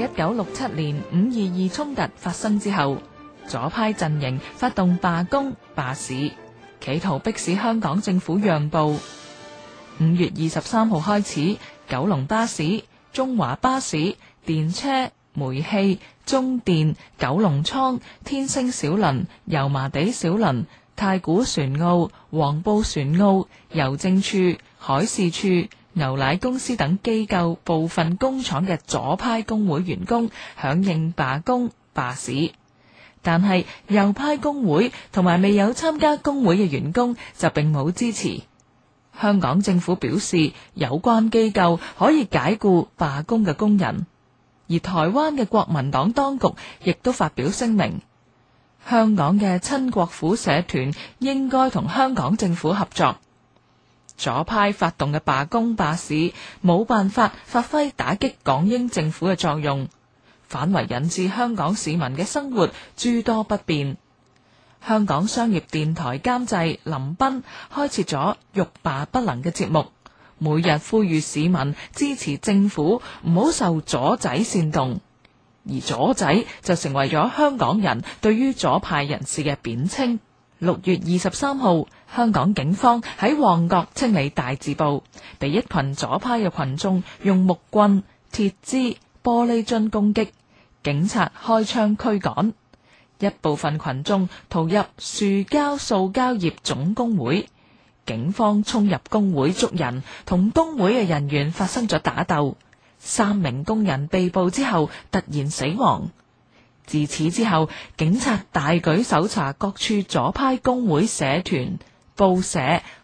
一九六七年五二二衝突發生之後，左派陣營發動罷工、罷市，企圖迫使香港政府讓步。五月二十三號開始，九龍巴士、中華巴士、電車、煤氣、中電、九龍倉、天星小輪、油麻地小輪、太古船塢、黃埔船塢、郵政處、海事處、牛奶公司等機構部分工廠嘅左派工會員工響應罷工罷市，但係右派工會同埋未有參加工會嘅員工就並冇支持。香港政府表示，有關機構可以解僱罷工嘅工人，而台灣嘅國民黨當局亦都發表聲明，香港嘅親國府社團應該同香港政府合作。左派發動嘅罷工罷市，冇辦法發揮打擊港英政府嘅作用，反為引致香港市民嘅生活諸多不便。香港商業電台監製林斌開設咗欲罷不能嘅節目，每日呼籲市民支持政府，唔好受左仔煽動，而左仔就成為咗香港人對於左派人士嘅貶稱。六月二十三號，香港警方喺旺角清理大字報，被一群左派嘅群眾用木棍、鐵枝、玻璃樽攻擊，警察開槍驅趕，一部分群眾逃入樹膠塑膠業總工會，警方衝入工會捉人，同工會嘅人員發生咗打鬥，三名工人被捕之後突然死亡。自此之後，警察大舉搜查各處左派工會社團、社團、報社、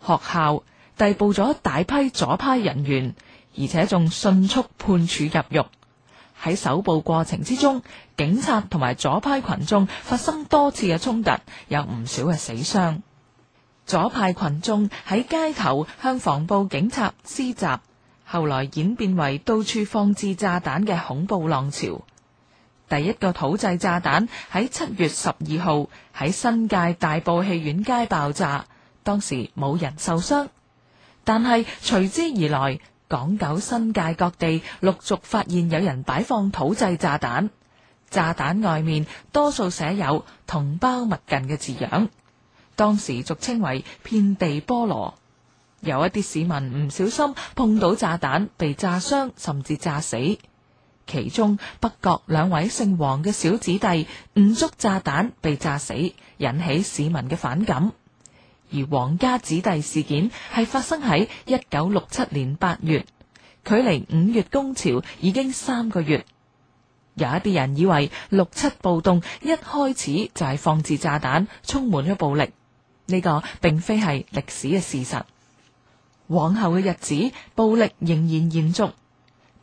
學校，逮捕咗大批左派人員，而且仲迅速判處入獄。喺搜捕過程之中，警察同埋左派群眾發生多次嘅衝突，有唔少嘅死傷。左派群眾喺街頭向防暴警察施襲，後來演變為到處放置炸彈嘅恐怖浪潮。第一個土製炸彈喺七月十二號喺新界大埔戲院街爆炸，當時冇人受傷，但係隨之而來，港九新界各地陸續發現有人擺放土製炸彈，炸彈外面多數寫有“同胞勿近”嘅字樣，當時俗稱為“遍地菠蘿”，有一啲市民唔小心碰到炸彈，被炸傷甚至炸死。其中北角兩位姓黃嘅小子弟誤觸炸彈被炸死，引起市民嘅反感。而皇家子弟事件係發生喺一九六七年八月，距離五月工潮已經三個月。有一啲人以為六七暴動一開始就係放置炸彈，充滿咗暴力。呢、這個並非係歷史嘅事實。往後嘅日子，暴力仍然延續。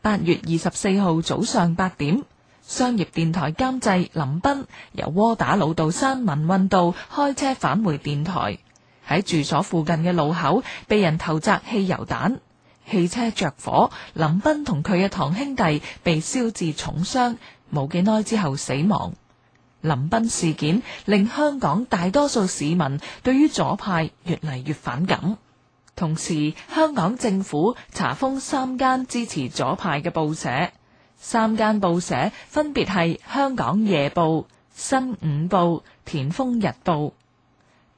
八月二十四號早上八點，商業電台監製林彬由窩打老道山文運道開車返回電台，喺住所附近嘅路口被人投擲汽油彈，汽車着火，林彬同佢嘅堂兄弟被燒至重傷，冇幾耐之後死亡。林彬事件令香港大多數市民對於左派越嚟越反感。同時，香港政府查封三間支持左派嘅報社，三間報社分別係《香港夜報》、《新午報》、《田豐日報》。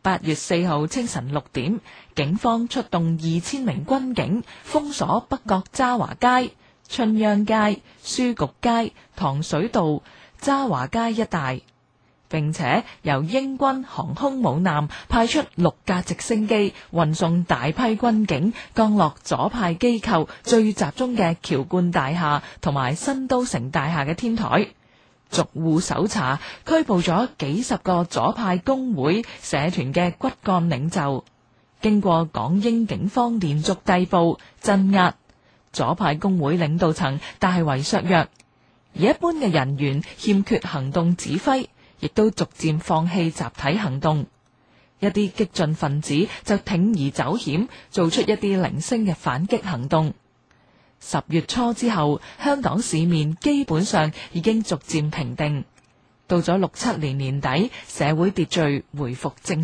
八月四號清晨六點，警方出動二千名軍警，封鎖北角渣華街、春秧街、書局街、糖水道、渣華街一帶。並且由英軍航空母艦派出六架直升機，運送大批軍警降落左派機構最集中嘅橋冠大廈同埋新都城大廈嘅天台逐戶搜查，拘捕咗幾十個左派工會社團嘅骨幹領袖。經過港英警方連續逮捕鎮壓，左派工會領導層大為削弱，而一般嘅人員欠缺行動指揮。亦都逐漸放棄集體行動，一啲激進分子就鋌而走險，做出一啲零星嘅反擊行動。十月初之後，香港市面基本上已經逐漸平定，到咗六七年年底，社會秩序回復正常。